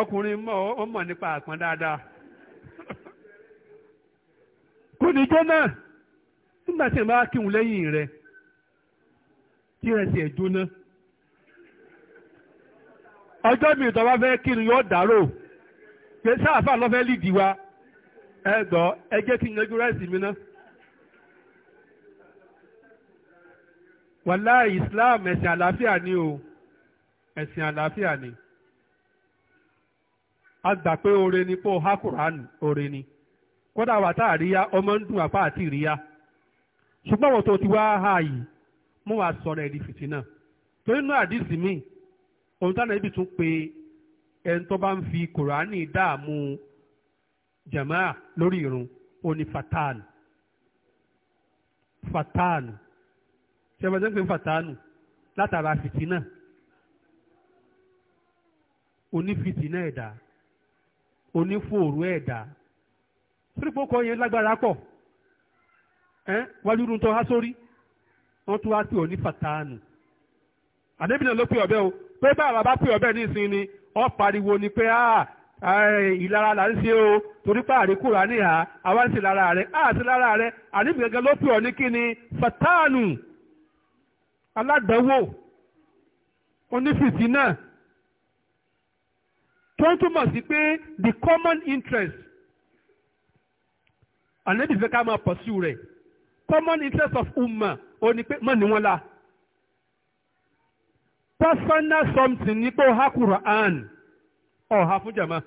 ọkùnrin mọ̀ ó mọ̀ nípa àpọ́n dáadáa kò ní jẹ́ náà nígbà tí ẹ̀ bá kírun lẹ́yìn rẹ̀ tí ẹ̀ sì ẹ̀ jóná ọjọ́ mi ìtọ́ bá fẹ́ kírun yóò dárò pé sáàfà lọ́ fẹ́ lìdí wa ẹ gbọ́ ẹ jẹ́ kí n yanjú ráìsì mi náà. wàláì Islam ẹ̀sìn àlàáfíà ni o ẹ̀sìn àlàáfíà ni a gbà pé oore ni kó há kùránù oore ni kódà wà tá àríyá ọmọ ń dùn apá àti ìríyá ṣùgbọ́n àwọn tó ti wá ha yìí mú wa sọ̀rọ̀ ẹ̀dì fìtínà torí inú àdìsí mi ohun táwọn ẹbí tún pe ẹni tó bá ń fi kùránì dààmú jamaa lórí irun ó ní fatanu fatanu ṣé ẹgbẹ́ tó ń pè fatanu látara fìtínà onífìtínà ẹ̀dá. onífòòró ẹ̀dá sírípòkọ yẹn lágbára pọ̀ ẹ́ wájú ló há sórí wọ́n tún wá pè ọ́ ní o pé báwa bá pè ọ̀bẹ nísìnyí ni wọ́n pariwo ni pé ìlara là ń ṣe o torí pé àríkùrà níhà lára lára àdébìnà gan ló pè ọ́ ní kí ni fàtánù aládàáwò tó ń túmọ̀ sí pé the common interest ànábì fẹ́ ká máa pursue rẹ̀ common interest of umma o ni pé mọ̀ ní wọ́n la personal something ní pé ó há Quran ọ̀há fún jàmá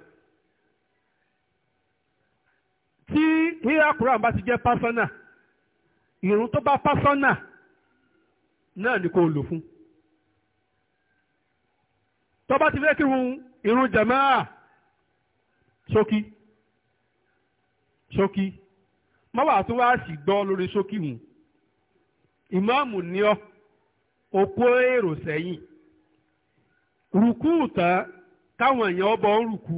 tí híhá Quran bá ti jẹ́ personal ìrún tó bá personal náà ni kò lò fún tó ti fẹ́ kírun irun jamaa ṣókí ṣókí mọ́wàá tó wá sì gbọ́ lórí ṣókí hùn ìmáàmù ní ọ okó èrò sẹ́yìn rùkú tán káwọn èèyàn ọbọ̀ ń rùkú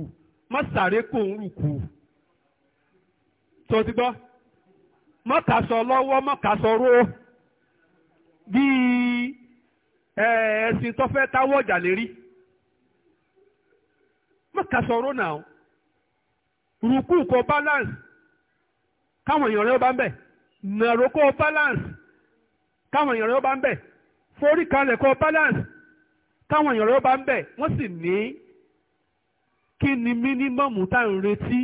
má sáré kò ń rùkú tó ti gbọ́ mọ́kàsọ lọ́wọ́ mọ́kàsọ ró bíi ẹ̀ẹ́sìn tó fẹ́ táwọ̀ ọ̀jà lérí. kàṣọ̀rọ̀ náà rùkú kọ balance káwọn èèyàn rẹ ó bá ń bẹ̀ nàró kọ balance káwọn èèyàn rẹ ó bá ń bẹ̀ forí kalẹ̀ kọ balance káwọn èèyàn rẹ ó bá ń bẹ̀ wọ́n sì ní kí ni mínímọ̀mù tá à ń retí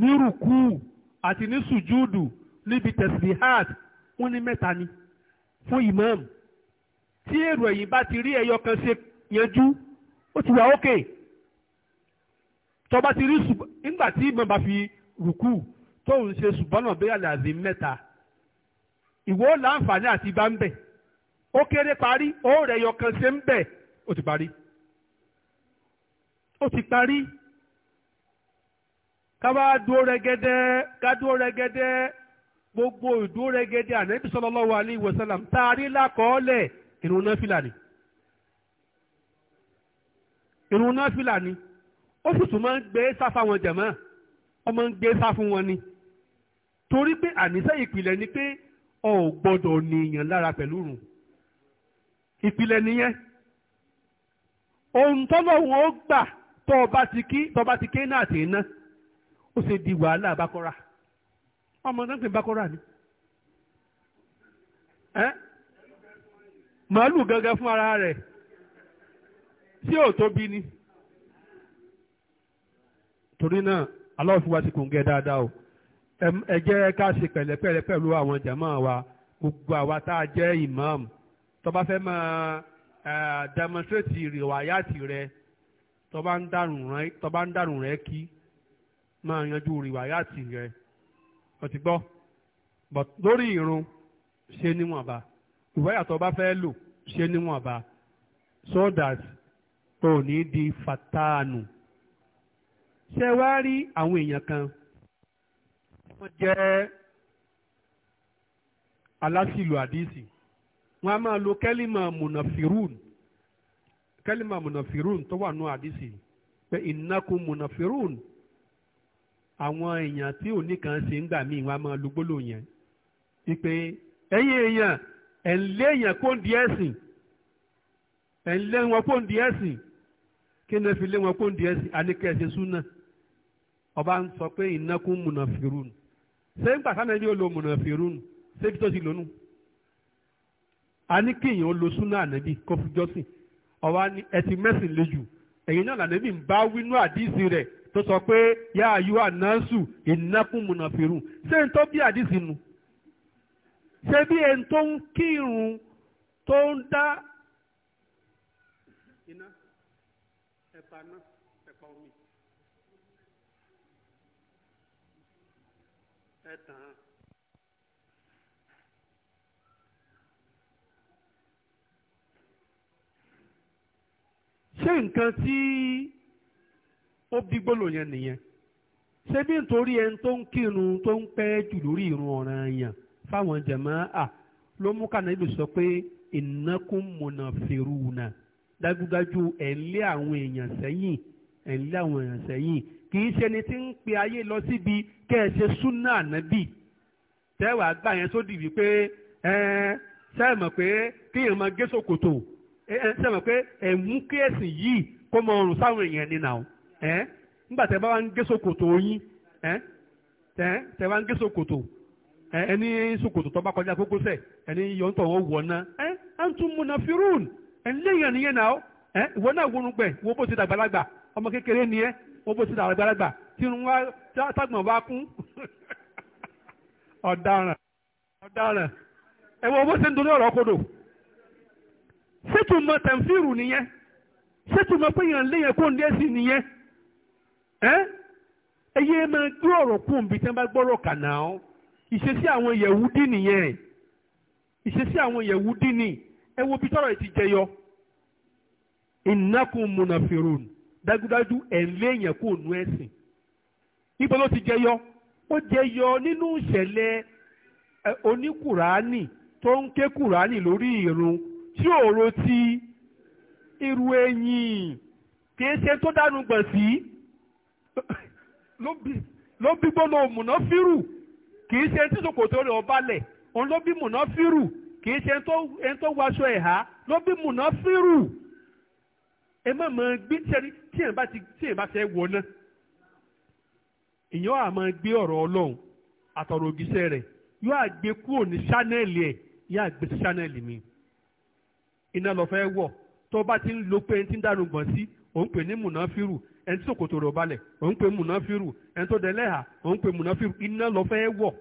ní rùkú àti ní sùjúdù níbi tẹ̀síhàt wọ́n ní mẹ́ta ni fún ìmáàmù tí èrò ẹ̀yìn bá ti rí ẹyọ kan ṣe yanjú ó ti wà ókè. Okay tọba ti rí nígbà tí ìmọ̀ bá fi rùkú tó ń ṣe subhana bẹ́ẹ̀ làzim mẹ́ta ìwọ láǹfààní àti bá ń bẹ̀ ó kéré parí ó rẹ̀ yọkan ṣe ń bẹ̀ ó ti parí ó ti parí káwá dúró rẹ́gẹ́dẹ́ ká dúró rẹ́gẹ́dẹ́ gbogbo ìdúró rẹ́gẹ́dẹ́ ànábì sallallahu alaihi wasallam taari lákọọ́lẹ̀ ìrun náfìlà ni ìrun náfìlà ni. ó sì tún máa ń gbé sáfà wọn jẹ̀mọ́ wọ́n máa ń gbé sá fún wọn ni torí pé àníṣe ìpìlẹ̀ ni pé o ò gbọ́dọ̀ nìyàn lára pẹ̀lú rùn ìpìlẹ̀ nìyẹn ohun tọ́lọ́hún ó gbà tó o bá ti kí tó bá ti ké náà tì ná ó ṣe di wàhálà bákọ́ra ọmọ náà ń pè bákọ́ra ni màálù gangan fún ara rẹ̀ tí ò tóbi ni torí náà aláwọ̀ fi wá sí kòǹgẹ́ dáadáa o ẹ ká ṣe pẹ̀lẹ́pẹ̀lẹ́ pẹ̀lú àwọn jàmáà wa gbogbo àwa tá a jẹ́ ìmáàmù tó bá fẹ́ máa demonstrate rìwáyàtì rẹ tó bá ń dàrùn rẹ kí máa yanjú rìwáyàtì rẹ ó ti gbọ́ but lórí ìrun ṣe níwọ̀nba ìwáyà tó fẹ́ lò ṣe níwọ̀nba so that o ní di fatanu ṣe wá rí àwọn èèyàn kan wọ́n jẹ́ alásìlù àdìsí wọ́n á máa lo kẹ́límà mùnàfírùn kẹ́límà mùnàfírùn tó wà nù àdìsí pé ìnákun mùnàfírùn àwọn èèyàn tí ò ní kan ṣe ń gbà míì wọ́n á máa lo gbólóhùn yẹn wípé ẹ̀yin èèyàn ẹ̀ èèyàn kó ń di ẹ̀sìn ẹ̀ wọn kó ń di ẹ̀sìn kí ni ẹ fi lé wọn kó ń di ẹ̀sìn àníkẹ́ ẹ̀ súnà ọba ń sọ pé ìnákún mùnàfìrún ṣé ń gbàtà nàbí ó lo mùnàfìrún ṣé bí tó ti lónú. a ní kéèyàn ó lo súnà ànábì kó fi jọ́sìn ọba ní ẹtì mẹ́sìn lójú ẹ̀yìn náà lànàbì ń bá wínú àdíìsì rẹ̀ tó sọ pé yá ayú ànáṣù ìnákún mùnàfìrún ṣé ń tó bí àdíìsì nu ṣé bí ẹni tó ń kírun tó ń dá iná ẹ̀pà náà ẹ̀pà omi. ẹ tàn án. ṣé nǹkan tí ó bí gbólò yẹn nìyẹn ṣé bí nítorí ẹni tó ń kírun tó ń pẹ́ jù lórí ìrun ọ̀ràn yẹn fáwọn jẹ̀mọ́ à ló mú kànáà ìlú sọ pé ìnákùn mọ̀nà fèrú nà dájúdájú ẹ̀ ń lé àwọn èèyàn sẹ́yìn ẹ̀ ń lé àwọn èèyàn sẹ́yìn kì í ṣe ni tí ń pe ayé lọ síbi kẹ́ ẹ ṣe súnà ànábì tẹ́wàá gbà yẹn sódì wípé sẹ́ẹ̀mọ̀ pé kéèyàn máa gé sòkòtò sẹ́ẹ̀mọ̀ pé ẹ̀mú kéèsì yìí kó mọ ọrùn sáwọn èèyàn ni nà ó nígbà tẹ́ bá wá ń gé sòkòtò yín tẹ́ ń gé sòkòtò ẹni sòkòtò tó bá kọjá ẹni yọ̀ǹtọ̀ wọn wọ̀ ná ìwọ náà wọnú pẹ̀ bó ti dàgbàlagbà ọmọ kékeré ni ó bó ti dàrú àgbàlagbà tí irun wa tágbọ̀n bá kún ọ̀daràn ọ̀daràn ẹ wo bó ṣe ń dolóòrò ọkọ̀dọ̀ ṣètùmọ̀ tẹ̀m̀fìrù nìyẹn ṣètùmọ̀ pé yàn léyàn kó ń dé sí nìyẹn ẹyẹ máa gbé ọ̀rọ̀ kún bí tẹ́ bá gbọ́rọ̀ kànáà ọ́ ìṣesí àwọn Yẹ̀wúdí nìyẹn ìṣesí àwọn Yẹ̀wúdí ni ẹ wo bí tọ́rọ̀ ti jẹyọ innakum munafirun dájúdájú ẹ̀ ń léèyàn kó nu ẹ̀sìn ibo ló ti jẹyọ ó jẹyọ nínú ìṣẹ̀lẹ̀ oníkùránì tó ń ké kùránì lórí ìrun tí òòrò ti irú ẹ̀yìn kìí ṣe tó dánú gbọ̀n sí ló bí gbọ́nà òmùnáfírù kìí ṣe tí sòkòtò rẹ̀ ọba lẹ̀ òun ló bí mùnáfírù kìí ṣe ẹni tó wáṣọ ẹ̀há ló bí mùnáfírù ẹ má máa gbé tíyẹn tíyẹn bá ti tíyẹn bá fẹ́ wọ náà èèyàn á máa gbé ọ̀rọ̀ ọlọ́run àtọ̀rọ̀ ògìṣẹ́ rẹ̀ yóò àgbé kúrò ní ṣánẹ́ẹ̀lì ẹ̀ yóò àgbé sí ṣánẹ́ẹ̀lì mi iná lọ fẹ́ wọ̀ tó bá ti ń lo pé ẹni tí ń dànù gbọ̀n sí òun pè ní mùnáfírù ẹni tí sòkòtò rọ̀ balẹ̀ òun pè mùnáfírù ẹni tó dẹ̀ lẹ́hà òun pè mùnáfírù iná lọ fẹ́ wọ̀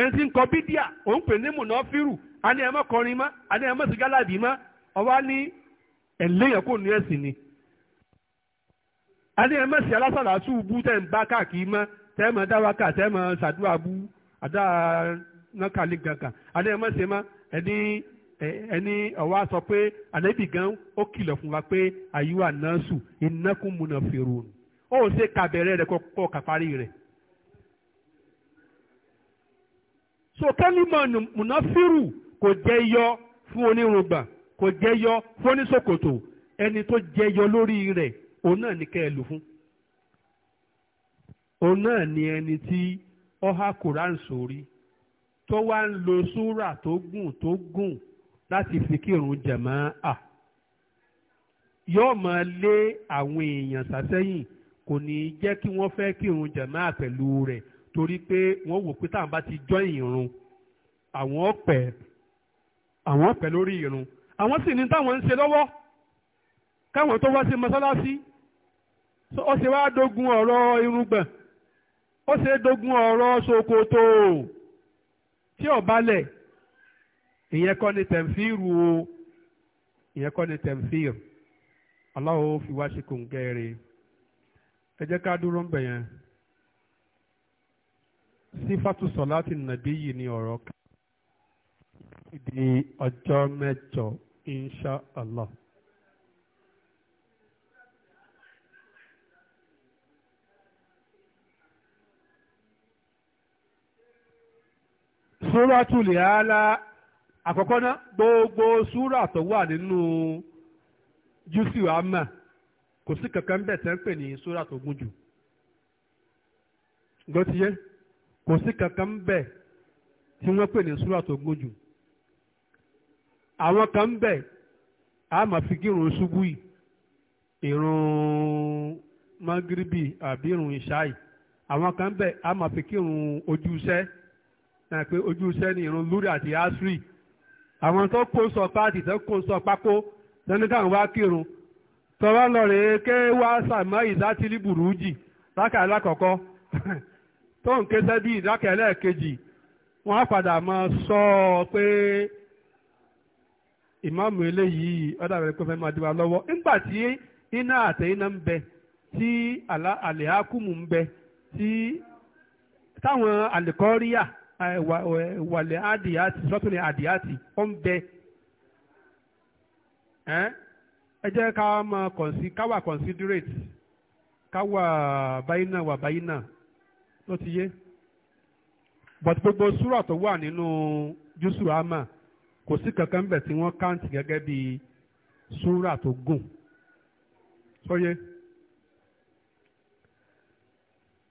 ẹni tí ń kọ bídíà òun pè ní mùnáfírù àní ẹ̀ mọ́ kọrin mọ́ àní ẹ̀ mọ́ sí gálàbì mọ́ ní ẹ̀léyàn kò ní ẹ̀sìn ni. a ní ẹ mẹ́sì alásàlá tù bú tẹ̀ ń bá káàkiri mọ́ tẹ́ mọ́ dáwàkà tẹ́ mọ́ sàdúrà bú àdá nákàlí gàgà a ní ẹ mẹ́sì mọ́ ẹni ẹni ọ̀wá sọ pé àlẹ́bí gan ó kìlọ̀ fún wa pé àyíwá náà sùn ìnákùn múnà fèrò ó ṣe kàbẹ̀rẹ̀ rẹ̀ kọ́ kàparí rẹ̀. so kẹ́límọ̀ múnáfírù kò jẹ́ yọ fún onírúgbà kò jẹyọ fóníṣòkòtò ẹni tó jẹyọ lórí rẹ̀ òun náà ni kẹ́ ẹ lò fún òun náà ni ẹni tí ọha koran sórí tó wá ń lo súrà tó gùn tó gùn láti fi kírun jẹ̀mọ́ à yóò máa lé àwọn èèyàn sàsẹ́yìn kò ní jẹ́ kí wọ́n fẹ́ kírun jẹ̀mọ́ à pẹ̀lú rẹ̀ torí pé wọ́n wò pé táwọn bá ti jọ́ ìrun àwọn ọ̀pẹ̀ àwọn ọ̀pẹ̀ lórí ìrun àwọn sì ní táwọn ń ṣe lọ́wọ́ káwọn tó wá sí mọ́sálásí ó ṣe wá dógun ọ̀rọ̀ irùngbọ̀n ó ṣe dógun ọ̀rọ̀ ṣòkòtò tí ò balẹ̀ ìyẹn kọ́ ni tẹ̀m̀fìrù o ìyẹn kọ́ ni tẹ̀m̀fìrù Allah ó fi wá sí kòǹgẹ́ rẹ̀ ẹ jẹ́ ká dúró ń bẹ̀ yẹn sífàtú nàbí yìí ni ọ̀rọ̀ kan. di ọjọ́ mẹ́jọ insha allah. súra tulẹ̀ ààlà àkọ́kọ́ náà gbogbo súra tó wà nínú júùsì àmà kò sí kankan bẹ́ẹ̀ tẹ́ ń pè ní súra tó gùn jù gbọ́tíyé kò sí kankan bẹ́ẹ̀ tí wọ́n pè ní súra tó gùn jù àwọn kan bẹ̀ a máa fi kírun ṣubú yìí ìrun magiribi àbí ìrun ìṣáì àwọn kan bẹ̀ a máa fi kírun ojúṣẹ́ náà pé ojúṣẹ́ ni irun lúrì àti asiri àwọn tó kó sọ páàtì tó kó sọ pákó lẹ́nu káwọn wá kírun tọ́wọ́ lọ rèé ké wá sàmọ́ ìdátìlì burújì lákà alákọ̀ọ́kọ́ tó ń ké sẹ́bí ìdákẹ́ ẹlẹ́ẹ̀kejì wọ́n á padà máa sọ ọ pé. ìmáàmù eléyìí ọ̀dà rẹ̀ pé fẹ́ máa di wa lọ́wọ́ nígbà tí iná àtẹ iná ń bẹ tí àlẹ́ àkùmù ń bẹ tí táwọn àlẹ́kọ́ríyà wàlẹ̀ àdìyàtì sọ́túnlẹ̀ àdìyàtì ó ń bẹ ẹ jẹ́ ká máa kọ̀nsí ká wà considerate ká wà báyínà wà báyínà ló ti yé but gbogbo súrà tó wà nínú jùsù àmà. kò sí kankan bẹ̀ tí wọ́n káǹtì gẹ́gẹ́ bí súrà tó gùn sóyè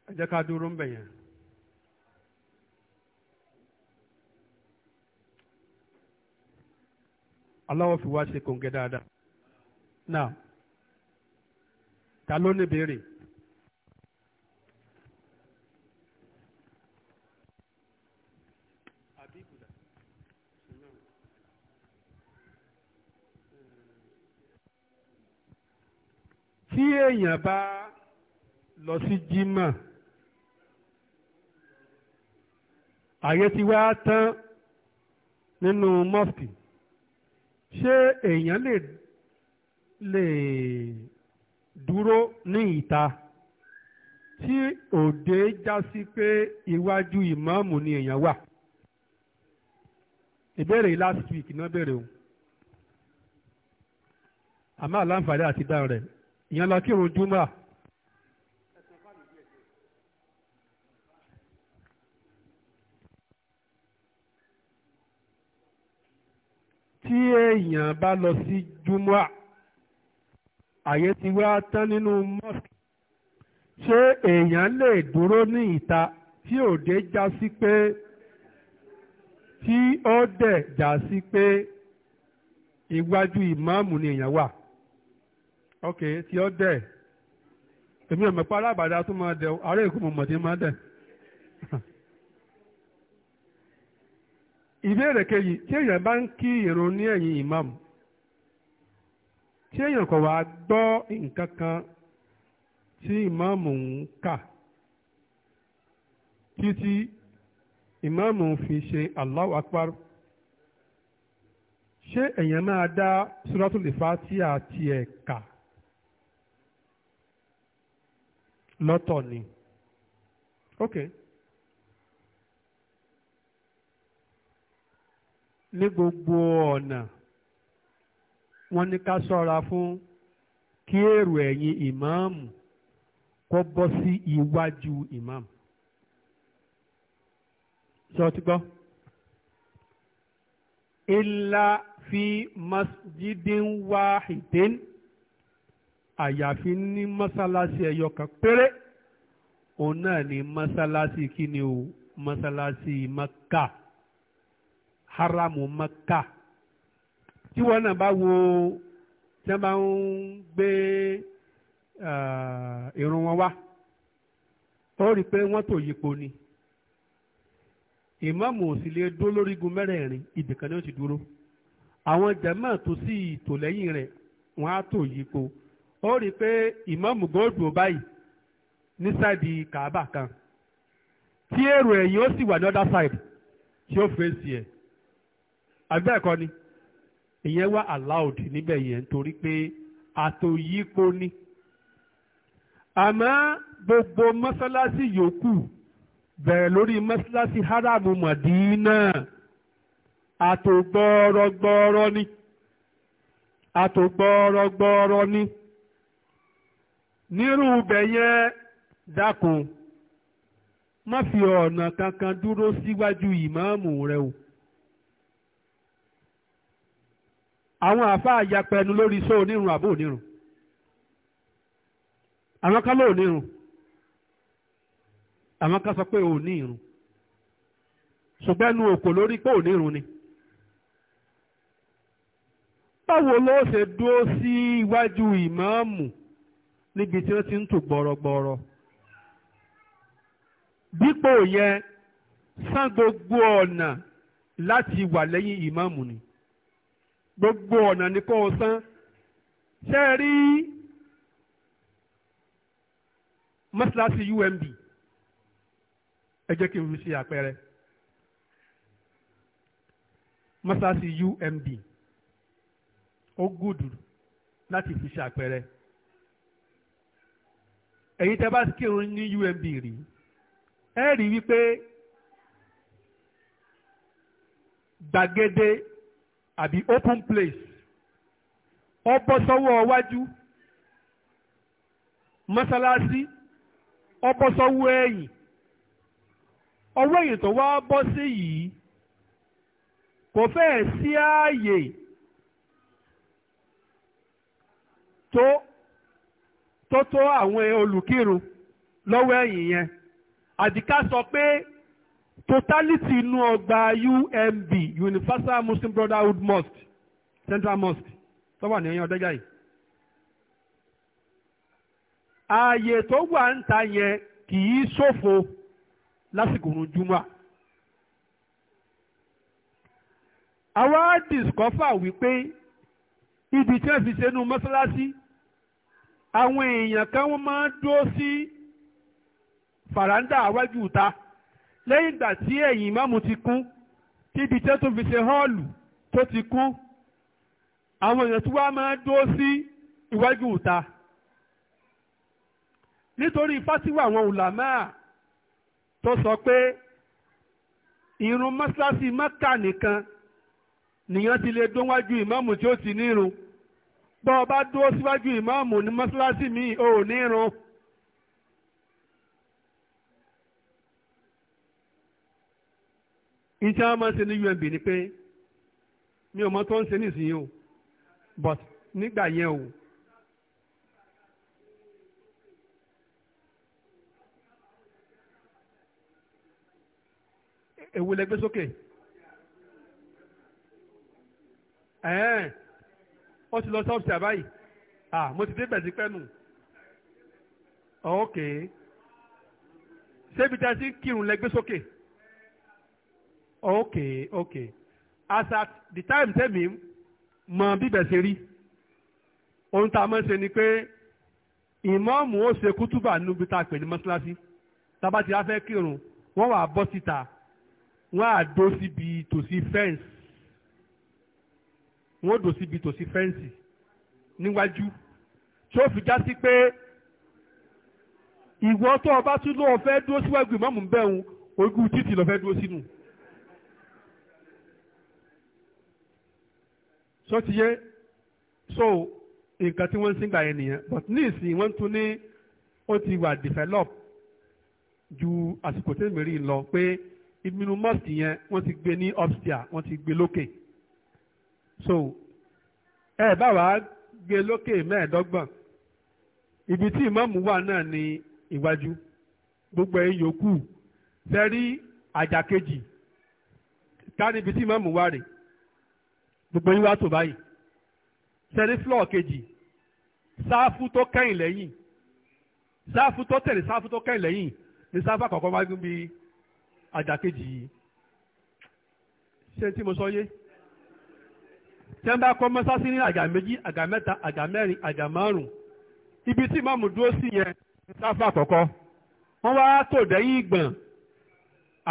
ẹ jẹ́ ká dúró ń bẹ̀ yẹn. aláwọ̀ fi wá ṣe kòǹgẹ́ dáadáa náà ta ló ní béèrè. tí èèyàn bá lọ sí jímọ̀ ààyè ti wá tán nínú mọ́sìkì ṣé èèyàn lè lè dúró ní ìta tí òde já sí pé iwájú ìmáàmù ni èèyàn wà ìbéèrè last week náà béèrè o àmọ́ àlàǹfààní àti dáhùn rẹ̀ ìyẹn la kírun júmọ́ tí èèyàn bá lọ sí júmọ́ àyè ti wá tán nínú mosque ṣé èèyàn lè dúró ní ìta tí òde já sí pé tí ó dẹ̀ já sí pé iwájú ìmáàmù ni èèyàn wà. ok tí ó dẹ̀ èmi ọ̀mọ̀ alábàdà tó máa dẹ̀ ará èkó mọ̀mọ́ máa dẹ̀. ìbéèrè kejì tí èèyàn bá ń kí ní ẹ̀yìn ìmáàmù tí èèyàn kò wá gbọ́ nǹkan kan tí ìmáàmù ń kà títí ìmáàmù fi ṣe Allahu ṣé èèyàn máa dá tiẹ̀ kà. lọ́tọ̀ ni ok ní gbogbo ọ̀nà wọ́n ní ká ṣọ́ra fún kí èrò ẹ̀yìn ìmáàmù kó bọ́ sí iwájú ìmáàmù sọ ti gbọ́ illa fi masjidin wahidin àyàfi ní mọ́sálásí ẹyọ kan péré òun náà ni mọ́sálásí kíni o mọ́sálásí maka haramu maka tí wọ́n náà bá wo tí wọ́n bá ń gbé eh, irun wọn wá ó rí i pé wọ́n tò yípo ni ìmáàmù ò sì lè dó lórígun mẹ́rẹ̀ẹ̀rin ibìkan ni ó ti dúró àwọn jàmáà tó sì tò lẹ́yìn rẹ̀ wọ́n á tò yípo. ó rí i pé ìmọ̀mù góòdù báyìí ní sáìdì kaaba kan tí èrò ẹ̀yìn ó sì wà ní other side tí ó fèsì ẹ̀ àbí bẹ́ẹ̀ ni ìyẹn wá allowed níbẹ̀ yẹn torí pé àtòyípo ni àmọ́ gbogbo mọ́sálásí yòókù bẹ̀rẹ̀ lórí mọ́sálásí haramu mọ̀dínà ni ni. nírú ibẹ̀ yẹn dákun má fi ọ̀nà kankan dúró síwájú ìmáàmù rẹ o. àwọn àáfàá yapẹnu lórí iṣẹ́ onírun àbó onírun àwọn kan ló onírun àwọn kan sọ pé òní irun ṣùgbọ́n ẹnu òkò lórí pé òní irun ni báwo ló ṣe dúró sí iwájú ìmáàmù. níbi tí ó ti ń tù gbọ̀rọ̀gbọ̀rọ̀ dípò yẹn san gbogbo ọ̀nà láti wà lẹ́yìn ìmáàmù ni gbogbo ọ̀nà ni kò sán ṣe rí mọ́ṣáláṣí UMB ẹ jẹ́ kí n ṣe àpẹẹrẹ mọ́ṣáláṣí UMB ó gùdù láti fi ṣe àpẹẹrẹ ẹ̀yin tẹ́ bá kírun ní UMB rí ẹ rí wípé gbàgede àbí open place ọ bọ́ sọ́wọ́ wájú mọ́sálásí ọ bọ́ sọ́wọ́ ẹ̀yìn ọwọ́ ẹ̀yìn tó wá bọ́ sí yìí kò fẹ́ẹ̀ sí ààyè tó tó tó àwọn olùkírun lọ́wọ́ ẹ̀yìn yẹn àdìká sọ pé totality inú ọgbà UMB Universal Muslim Brotherhood Mosque Central Mosque tó wà ní ẹ̀yìn ọ̀dẹ́gà yìí ààyè tó wà ń ta yẹn kì í ṣòfò lásìkò òun júmọ́ àwa discover wípé ibi tí wọ́n fi ṣe inú mọ́ṣáláṣí àwọn èèyàn kan wọ́n máa ń dúró sí fàrándà àwájú ìta lẹ́yìn ìgbà tí ẹ̀yìn ìmáàmù ti kún tíbi tẹ́ tó fi ṣe họ́ọ̀lù tó ti kún àwọn èèyàn tí wọ́n máa ń dúró sí iwájú ìta nítorí fásiwà àwọn ulama tó sọ pé ìrun mọ́ṣáláṣí mẹ́kà nìkan nìyẹn ti lè dúnwájú ìmáàmù tí ó ti nírun. bọ́ ọ bá dúró síwájú ìmáàmù ní mọ́ṣáláṣí mi ò ní irun. iṣẹ́ wọn máa ń ṣe ní UMB ni pé mi ò mọ tó ń ṣe nísìnyí o but nígbà yẹn o ewu lẹgbẹ sókè ó ti lọ sọ́ọ̀bù tà ah mo ti débẹ̀ sí pẹ́nu ok ṣébi tá a ti kírun lẹ́gbẹ́ sókè ok ok as at the time tẹ́mi mọ bíbẹ̀ ṣe rí ohun tá a máa ń ṣe ni pé ìmọ̀ọ́mù ó ṣe kútúbà níbi tá a pè ní mọ́ṣáláṣí tábà tí a fẹ́ kírun wọ́n wà bọ́ síta wọ́n á síbi tòsí fẹ́ǹsì wọ́n dò síbi tòsí fẹ́ǹsì níwájú tí ó fi já sí pé ìwọ tó o bá tún lóun fẹ́ dúró síwájú ìmọ̀mù ń bẹ̀rù ojú títì lọ fẹ́ dúró sínú. sọ ti yé so nǹkan tí wọ́n ń sìngbà yẹn nìyẹn but ní ìsìn wọ́n tún ní ó ti wà develop ju àsìkò tẹ́lẹ̀ mẹ́rin lọ pé ìbínú mosque yẹn wọ́n ti gbé ní upstairs wọ́n ti gbé lókè. Okay so ẹ bá wàá gbé lókè mẹ́ẹ̀ẹ́dọ́gbọ̀n ibi tí ìmọ̀mù wà náà ní ìwájú gbogbo ẹ̀yìn yòókù sẹ́rí àjà kejì ká níbi tí ìmọ̀mù wà rè gbogbo yín wá tò báyìí sẹ́rí flọ́ọ̀ kejì sáfù tó kẹ́yìn lẹ́yìn sáfù tó tẹ̀lé sáfù tó kẹ́yìn lẹ́yìn ní sáfù àkọ́kọ́ wájú bí àjà yìí ṣé tí mo sọ yé. So tí wọ́n bá kọ́ mọ́sásí ní àgà méjì àgà mẹ́ta àgà mẹ́rin àgà márùn-ún ibi tí ìmáàmù dúró sí yẹn ní sáfà àkọ́kọ́ wọ́n wá tò dẹ́yìn ìgbọ̀n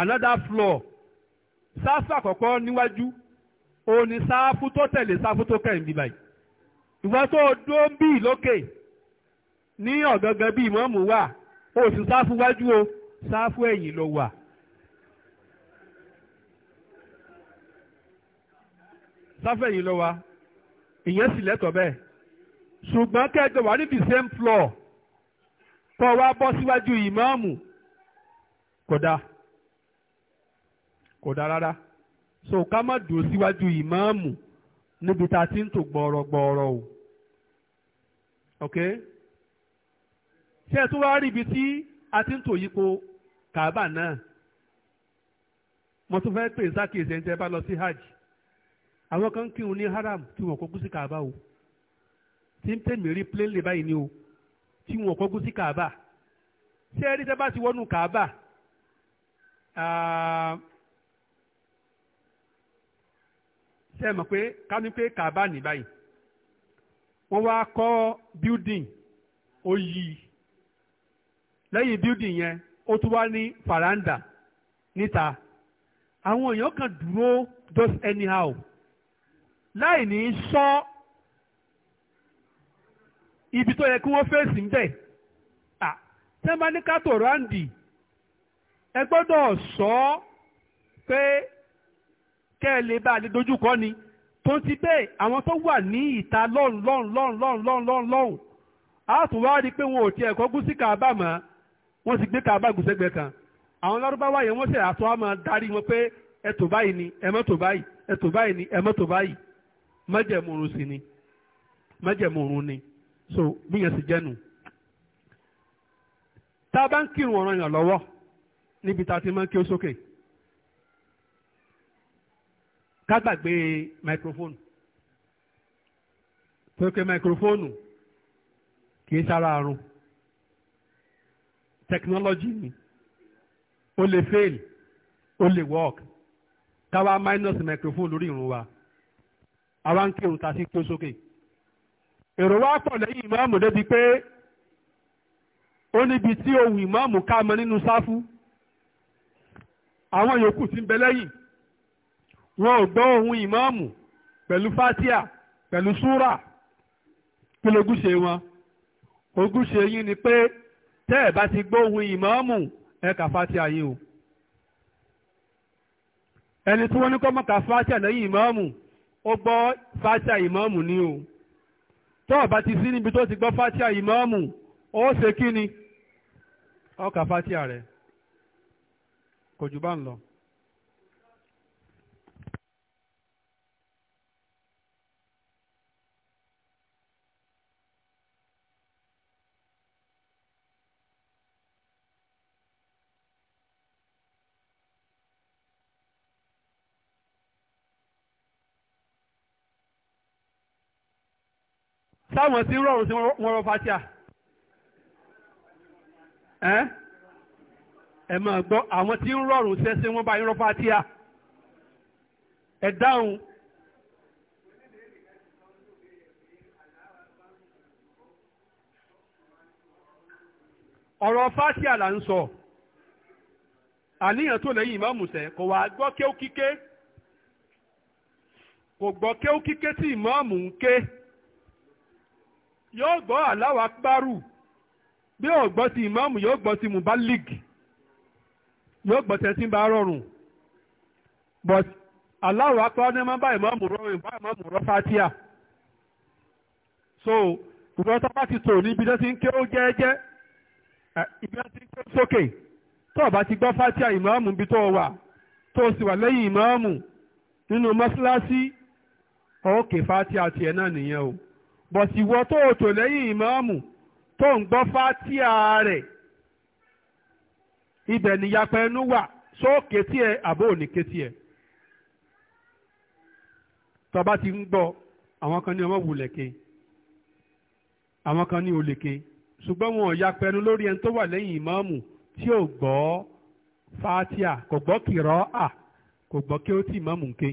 another floor sáfù àkọ́kọ́ níwájú ó ní sáfù tó tẹ̀lé sáfù tó kẹ́yìn bí báyìí ìwọ tó dó ń bì lókè ní ọ̀gangan bí ìmáàmù wà ó sáfù wájú o sáfù ẹ̀yìn ló wà. sáfẹ̀yìn ló wa ìyẹn sì lẹ́tọ̀ bẹ́ẹ̀ ṣùgbọ́n kẹjọ wà níbi same floor kọ́ wa bọ́ síwájú ìmáàmù kò dáa kò dáa rárá so ká má dùn síwájú ìmáàmù níbi tá a ti ń tò gbọ̀ọ̀rọ̀gbọ̀ọ̀rọ̀ o ok ṣé ẹ tún wá rí ibi tí a ti ń tò yípo kàábà náà mo tún fẹ́ pè tẹ́ bá lọ sí hajj àwọn kan kírun ní haram tí wọn kọ́ gúsí kàbá o tí ń tẹ̀mí rí plẹ́lẹ̀ báyìí ni o tí wọn kọ́ gúsí kàbá ṣé ẹni tẹ́ bá ti wọnú kàbá ah, ṣe mọ̀ pé ká pé kàbá ní báyìí wọ́n wá kọ́ building ó yí lẹ́yìn building yẹn ó tún wá ní faranda níta àwọn èèyàn kan dúró just anyhow láì ní sọ ibi tó yẹ kí wọ́n fèsì ń bẹ̀ tẹ́ bá ní kátó ráǹdì ẹ gbọ́dọ̀ sọ pé kẹ́ ẹ lè bá a lè dojúkọ ni tó ti bẹ́ẹ̀ àwọn tó wà ní ìta lọ́hùn lọ́hùn lọ́hùn lọ́hùn lọ́hùn lọ́hùn lọ́hùn a tún wá rí i pé wọn ò tiẹ̀ kọ́ gúsí kàbá mọ́ wọ́n sì gbé kàbá gùsẹ́gbẹ́ kan àwọn lárúbáwá yẹn wọ́n sì àtọ́ àmọ́ darí wọn pé ẹ tò báyìí ni ẹ mọ́ tò báyìí ẹ tò báyìí ni ẹ mọ́ tò báyìí májẹ̀múrun sí ni májẹ̀múrun ni so bí yẹn sì jẹ́nu. tá a bá ń kírun ọ̀ràn yàn lọ́wọ́ níbi tá a ti máa ń kí ó sókè ká gbàgbé microphone tó ké microphone kì í sára àrùn technology ni ó lè fail ó lè work ká wá minus microphone lórí ìrun wa àwa ń kírun ta sí kí ó sókè èrò wa pọ̀ lẹ́yìn ìmáàmù débi pé ó níbi tí ohun ìmáàmù ká mọ nínú sáfú àwọn yòókù tí ń bẹ lẹ́yìn wọn ò gbọ́ ohun ìmáàmù pẹ̀lú fatia pẹ̀lú súrà kí lógúnṣe wọn ogúnṣe yín ni pé tẹ́ ẹ̀ bá ti gbọ́ ohun ìmáàmù ẹ kà fatia yín o ẹni tí wọ́n ní kọ́ mọ́ kà fatia lẹ́yìn ìmáàmù ó gbọ́ fáṣà ìmáàmù ni o tó o bá ti sí níbi tó ti gbọ́ fáṣà ìmáàmù ó ṣe kí ni ó ka fáṣà rẹ̀ kò jù bá ń lọ. sáwọn sí rọrùn sí wọn rọ fatia ẹ máa gbọ́ àwọn tí ń rọrùn sẹ́sẹ́ wọn bá yín rọ fatia ẹ dáhùn. ọ̀rọ̀ fatia là ń sọ àníyàn tó lẹ́yìn ìmáàmù sẹ́ kò wá gbọ́ kéwkíké kò gbọ́ kéwkíké tí ìmáàmù ń ké. yóò gbọ́ Allahu akbaru bí yóò gbọ́ ti ìmáàmù yóò gbọ́ ti mubalik yóò gbọ́ tẹ̀sí bá rọrùn but Allahu akbaru ní ma bá ìmáàmù rọ ìbá ìmáàmù rọ fatia so ìwọ́n tó bá ti tò ní ibi tó ti ń ké ó jẹ́ẹ́jẹ́ ibi tó ti ń ké sókè tó o bá ti gbọ́ fatia ìmáàmù ibi tó o wà tó o sì wà lẹ́yìn ìmáàmù nínú mọ́ṣáláṣí ọ̀ọ́kè fatia tiẹ̀ náà nìyẹn o bọ̀sìwọ́ tó o tò lẹ́yìn ìmáàmù tó ń gbọ́ fátíà rẹ̀ ibẹ̀ níyapẹ̀ ẹnu wà sóòkè tí ẹ àbó òní ké tí ẹ tọba ti ń gbọ́ àwọn kan ní ọmọ wùlẹ̀ke àwọn kan ní olèke ṣùgbọ́n wọn ò yapẹ̀ ẹnu lórí ẹni tó wà lẹ́yìn ìmáàmù tí ò gbọ́ fátíà kò gbọ́ kìrọ́ à kò gbọ́ kí ó tì ìmáàmù ké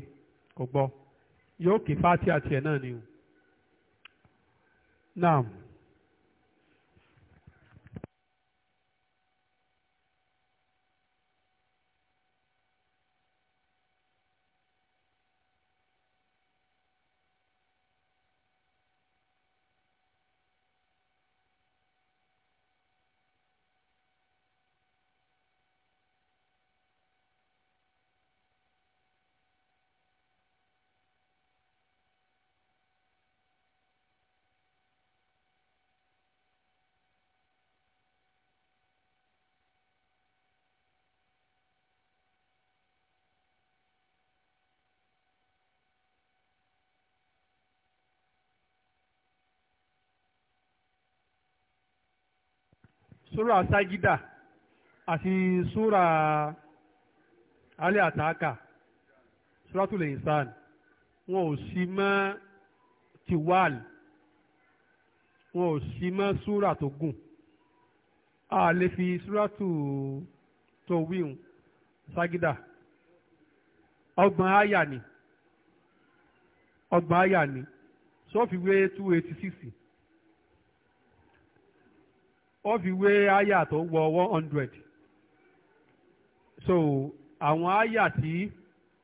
kò gbọ́ yóò kí fátíà tiẹ̀ náà ni o. Naam. súra ságídà àti súra alẹ́ àtàkà súratul insan wọn ò sí mọ́ tiwal wọn ò sí mọ́ súra tó gùn a lè fi súratù tó wíhùn ságídà ọgbọ̀n àyà ni ọgbọ̀n àyà ni sọ́ọ̀fì wé ó fi wé àyà tó wọ one hundred so àwọn àyà tí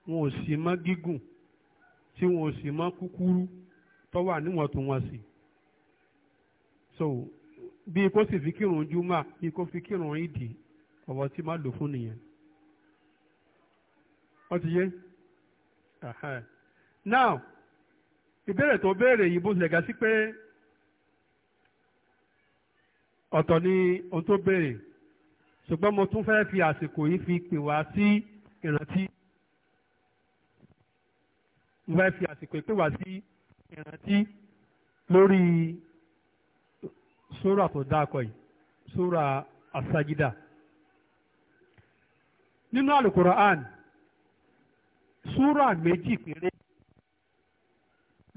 wọn ò sì mọ gígùn tí wọn ò sì mọ kúkúrú tó wà níwọ̀ntúnwọ̀nsì so bí kò sì fi kírun júmọ́ bí kò fi kírun ìdì ọ̀wọ́ tí má lò fún nìyẹn wọ́n ti yé now ìbéèrè tó béèrè yìí bó ṣe ga sí pé ọ̀tọ̀ ni ohun tó béèrè ṣùgbọ́n mo tún fẹ́ fi àsìkò yìí fi pè wá sí ìrántí mo fẹ́ fi àsìkò yìí pè wá sí ìrántí lórí sóra tó dákọ̀ yìí sóra asagida nínú alukura'an sóra méjì péré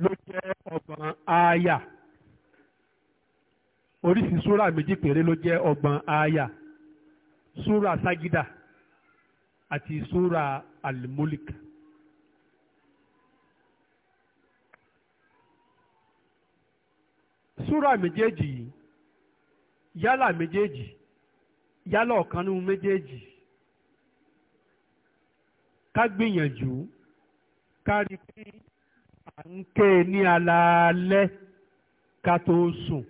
ló jẹ́ ọgbọ̀n aya oríṣi súrà méjì péré ló jẹ́ ọgbọ̀n àyà súrà ságídà àti súrà alimolik. súrà méjèèjì yìí yálà méjèèjì yálà ọ̀kan nínú méjèèjì ká gbìyànjú ká rí i pé à ń ké e ní alaalẹ́ ká tó sùn.